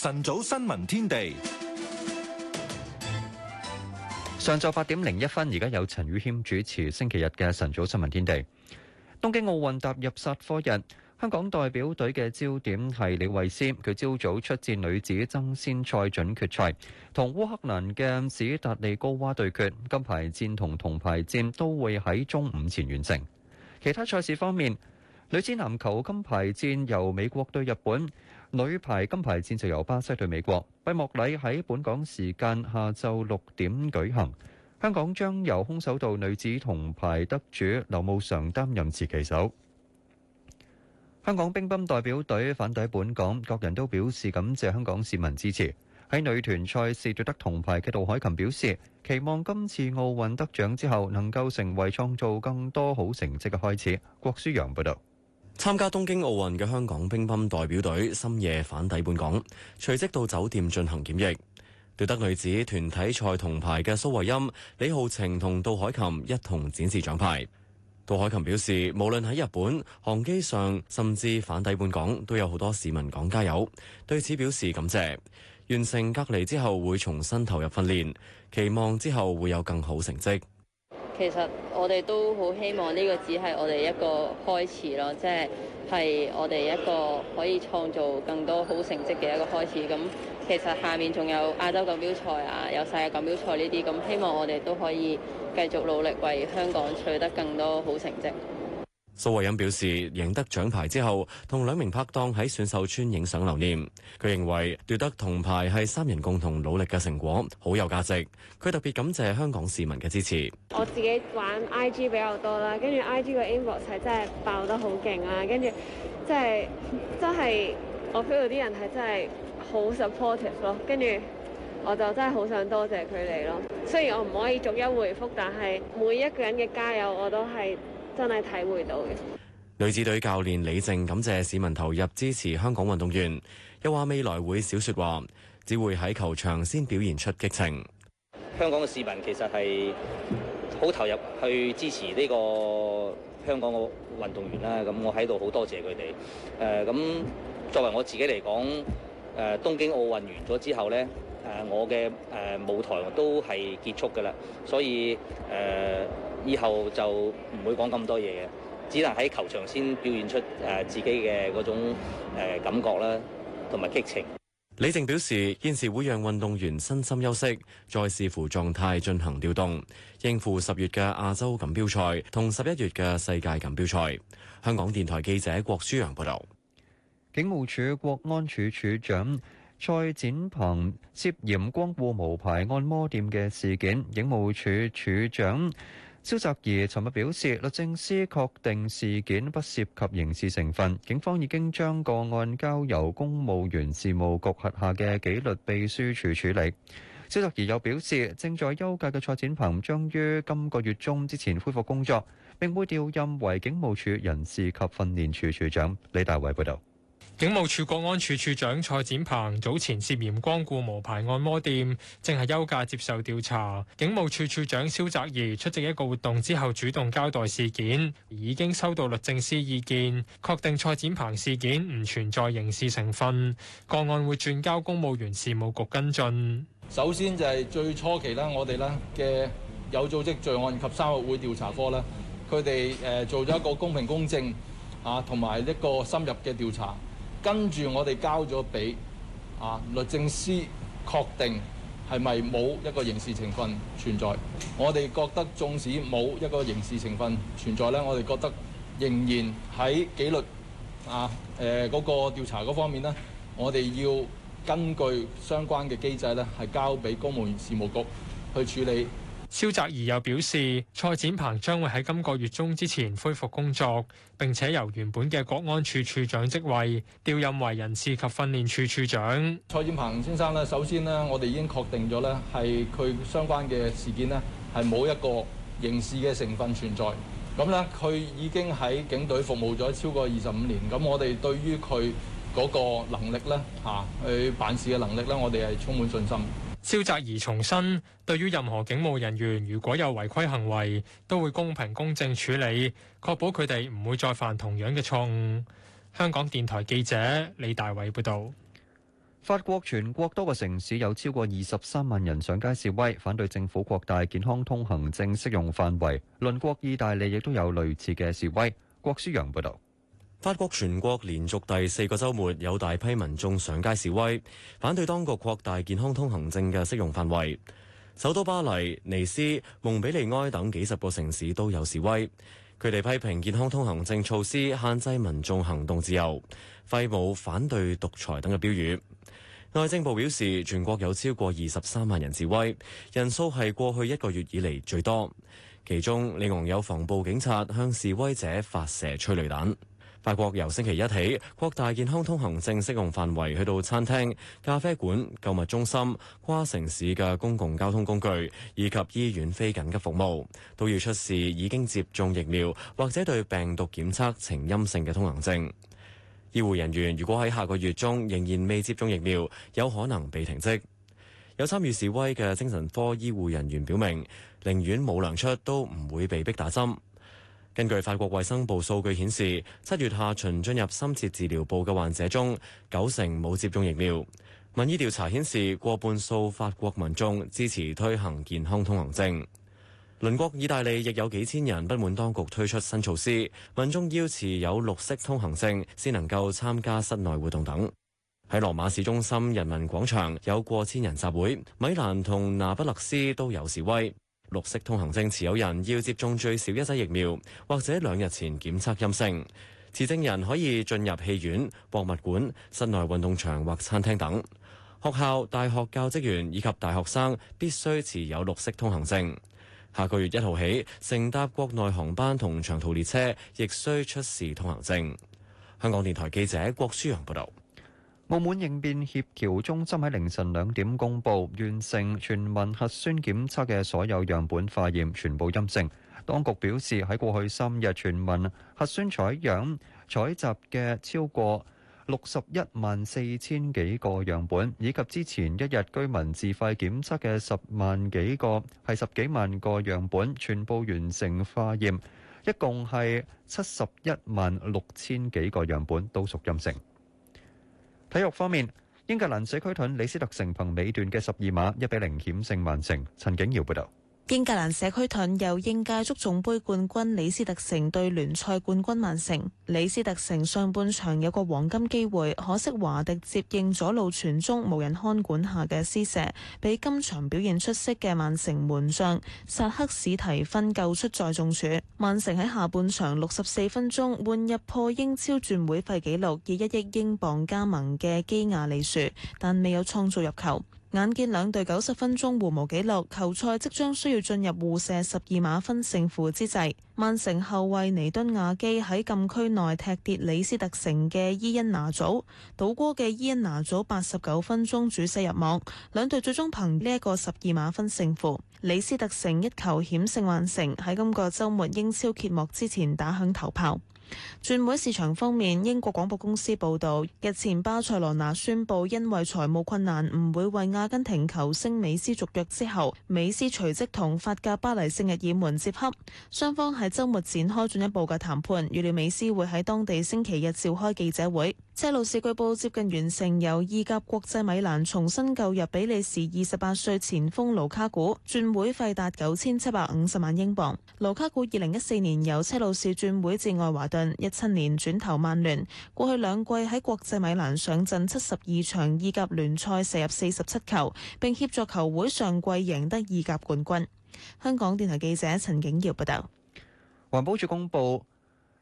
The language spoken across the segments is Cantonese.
晨早新聞天地，上晝八點零一分，而家有陳宇謙主持星期日嘅晨早新聞天地。東京奧運踏入殺科日，香港代表隊嘅焦點係李慧詩。佢朝早出戰女子爭先賽準決賽，同烏克蘭嘅史達利高娃對決。金牌戰同銅牌戰都會喺中午前完成。其他賽事方面，女子籃球金牌戰由美國對日本。女排金牌戰就由巴西對美國，閉幕禮喺本港時間下晝六點舉行。香港將由空手道女子銅牌得主劉慕常擔任持旗手。香港乒乓代表隊返抵本港，各人都表示感謝香港市民支持。喺女團賽事奪得銅牌嘅杜海琴表示，期望今次奧運得獎之後，能夠成為創造更多好成績嘅開始。郭書陽報道。參加東京奧運嘅香港乒乓代表隊深夜返抵本港，隨即到酒店進行檢疫。奪得女子團體賽銅牌嘅蘇慧音、李浩晴同杜海琴一同展示獎牌。杜海琴表示，無論喺日本、航機上，甚至返抵本港，都有好多市民講加油，對此表示感謝。完成隔離之後，會重新投入訓練，期望之後會有更好成績。其實我哋都好希望呢個只係我哋一個開始咯，即係係我哋一個可以創造更多好成績嘅一個開始。咁其實下面仲有亞洲錦標賽啊，有世界錦標賽呢啲，咁希望我哋都可以繼續努力，為香港取得更多好成績。蘇慧恩表示，贏得獎牌之後，同兩名拍檔喺選手村影相留念。佢認為奪得銅牌係三人共同努力嘅成果，好有價值。佢特別感謝香港市民嘅支持。我自己玩 IG 比較多啦，跟住 IG 個 inbox 係真係爆得好勁啦，跟住即係真係我 feel 到啲人係真係好 supportive 咯，跟住我就真係好想多謝佢哋咯。雖然我唔可以逐一回覆，但係每一個人嘅加油我都係。真係體會到嘅。女子隊教練李靜感謝市民投入支持香港運動員，又話未來會少說話，只會喺球場先表現出激情。香港嘅市民其實係好投入去支持呢個香港嘅運動員啦，咁我喺度好多謝佢哋。誒、呃、咁作為我自己嚟講，誒、呃、東京奧運完咗之後咧、呃，我嘅、呃、舞台都係結束㗎啦，所以、呃以後就唔會講咁多嘢嘅，只能喺球場先表現出誒自己嘅嗰種誒感覺啦，同埋激情。李靜表示，現時會讓運動員身心休息，再視乎狀態進行調動，應付十月嘅亞洲錦標賽同十一月嘅世界錦標賽。香港電台記者郭書洋報道。警務處國安處處長蔡展鵬涉嫌光顧無牌按摩店嘅事件，警務處處長蕭澤頤尋日表示，律政司確定事件不涉及刑事成分，警方已經將個案交由公務員事務局轄下嘅紀律秘書處處理。蕭澤頤又表示，正在休假嘅蔡展鵬將於今個月中之前恢復工作，並會調任為警務處人事及訓練處處長。李大偉報道。警務處國安處處長蔡展鵬早前涉嫌光顧無牌按摩店，正係休假接受調查。警務處處長蕭澤頤出席一個活動之後，主動交代事件，已經收到律政司意見，確定蔡展鵬事件唔存在刑事成分，個案會轉交公務員事務局跟進。首先就係最初期啦，我哋啦嘅有組織罪案及三合會調查科啦，佢哋誒做咗一個公平公正啊，同埋一個深入嘅調查。跟住我哋交咗俾啊律政司，確定係咪冇一個刑事成分存在？我哋覺得縱使冇一個刑事成分存在呢，我哋覺得仍然喺紀律啊嗰、呃嗰個調查嗰方面呢，我哋要根據相關嘅機制呢，係交俾公務員事務局去處理。蕭澤頤又表示，蔡展鵬將會喺今個月中之前恢復工作，並且由原本嘅國安處處長職位調任為人事及訓練處處長。蔡展鵬先生呢，首先呢，我哋已經確定咗呢係佢相關嘅事件呢，係冇一個刑事嘅成分存在。咁呢，佢已經喺警隊服務咗超過二十五年。咁我哋對於佢嗰個能力呢吓，去辦事嘅能力呢，我哋係充滿信心。招責而重申，對於任何警務人員如果有違規行為，都會公平公正處理，確保佢哋唔會再犯同樣嘅錯誤。香港電台記者李大偉報導。法國全國多個城市有超過二十三萬人上街示威，反對政府擴大健康通行證適用範圍。鄰國意大利亦都有類似嘅示威。郭舒揚報導。法國全國連續第四個周末有大批民眾上街示威，反對當局擴大健康通行證嘅適用範圍。首都巴黎、尼斯、蒙彼利埃等幾十個城市都有示威。佢哋批評健康通行證措施限制民眾行動自由，揮舞、反對獨裁等嘅標語。內政部表示，全國有超過二十三萬人示威，人數係過去一個月以嚟最多。其中，里昂有防暴警察向示威者發射催淚彈。法國由星期一起，擴大健康通行證適用範圍，去到餐廳、咖啡館、購物中心、跨城市嘅公共交通工具，以及醫院非緊急服務，都要出示已經接種疫苗或者對病毒檢測呈陰性嘅通行證。醫護人員如果喺下個月中仍然未接種疫苗，有可能被停職。有參與示威嘅精神科醫護人員表明，寧願冇糧出都唔會被逼打針。根據法國衛生部數據顯示，七月下旬進入深切治療部嘅患者中，九成冇接種疫苗。民意調查顯示，過半數法國民眾支持推行健康通行證。鄰國意大利亦有幾千人不滿當局推出新措施，民眾要持有綠色通行證先能夠參加室內活動等。喺羅馬市中心人民廣場有過千人集會，米蘭同那不勒斯都有示威。綠色通行證持有人要接種最少一劑疫苗，或者兩日前檢測陰性。持證人可以進入戲院、博物館、室內運動場或餐廳等。學校、大學教職員以及大學生必須持有綠色通行證。下個月一號起，乘搭國內航班同長途列車，亦需出示通行證。香港電台記者郭舒陽報道。澳門應變協調中心喺凌晨兩點公佈，完成全民核酸檢測嘅所有樣本化驗，全部陰性。當局表示喺過去三日全民核酸採樣採集嘅超過六十一萬四千幾個樣本，以及之前一日居民自費檢測嘅十萬幾個，係十幾萬個樣本，全部完成化驗，一共係七十一萬六千幾個樣本都屬陰性。體育方面，英格蘭社區盾，李斯特城憑尾段嘅十二碼一比零險勝曼城。陳景瑤報導。英格蘭社區盾由應屆足總杯冠軍李斯特城對聯賽冠軍曼城。李斯特城上半場有個黃金機會，可惜華迪接應左路傳中無人看管下嘅施射，俾今場表現出色嘅曼城門將薩克史提芬救出再中柱。曼城喺下半場六十四分鐘換入破英超轉會費紀錄以一億英鎊加盟嘅基亞利殊，但未有創造入球。眼見兩隊九十分鐘互無紀錄，球賽即將需要進入互射十二碼分勝負之際。曼城後衛尼敦亞基喺禁區內踢跌李斯特城嘅伊恩拿祖，倒戈嘅伊恩拿祖八十九分鐘主射入網，兩隊最終憑呢一個十二碼分勝負，李斯特城一球險勝曼城，喺今個周末英超揭幕之前打響頭炮。轉會市場方面，英國廣播公司報道，日前巴塞羅那宣布因為財務困難唔會為阿根廷球星美斯續約之後，美斯隨即同法甲巴黎聖日耳門接洽，雙方喺。周末展開進一步嘅談判，預料美斯會喺當地星期日召開記者會。車路士據報接近完成由意甲國際米蘭重新購入比利時二十八歲前鋒盧卡古，轉會費達九千七百五十萬英鎊。盧卡古二零一四年由車路士轉會至愛華頓，一七年轉投曼聯。過去兩季喺國際米蘭上陣七十二場意甲聯賽，射入四十七球，並協助球會上季贏得意甲冠軍。香港電台記者陳景堯報道。環保署公布，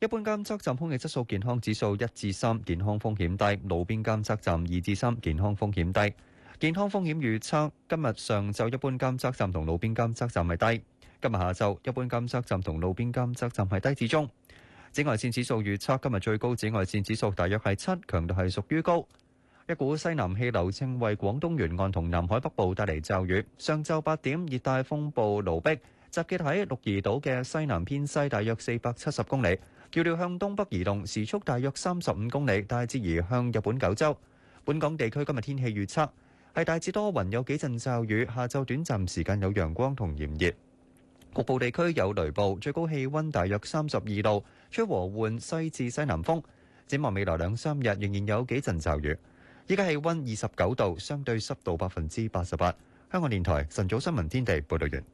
一般監測站空氣質素健康指數一至三，健康風險低；路邊監測站二至三，健康風險低。健康風險預測，今日上晝一般監測站同路邊監測站係低；今日下晝一般監測站同路邊監測站係低至中。紫外線指數預測，今日最高紫外線指數大約係七，強度係屬於高。一股西南氣流正為廣東沿岸同南海北部帶嚟驟雨。上晝八點，熱帶風暴盧碧，集結喺鹿兒島嘅西南偏西，大約四百七十公里，預料向東北移動，時速大約三十五公里，大致移向日本九州。本港地區今日天氣預測係大致多雲，有幾陣驟雨，下晝短暫時間有陽光同炎熱，局部地區有雷暴，最高氣溫大約三十二度，吹和緩西至西南風。展望未來兩三日仍然有幾陣驟雨。依家氣溫二十九度，相對濕度百分之八十八。香港電台晨早新聞天地報道完。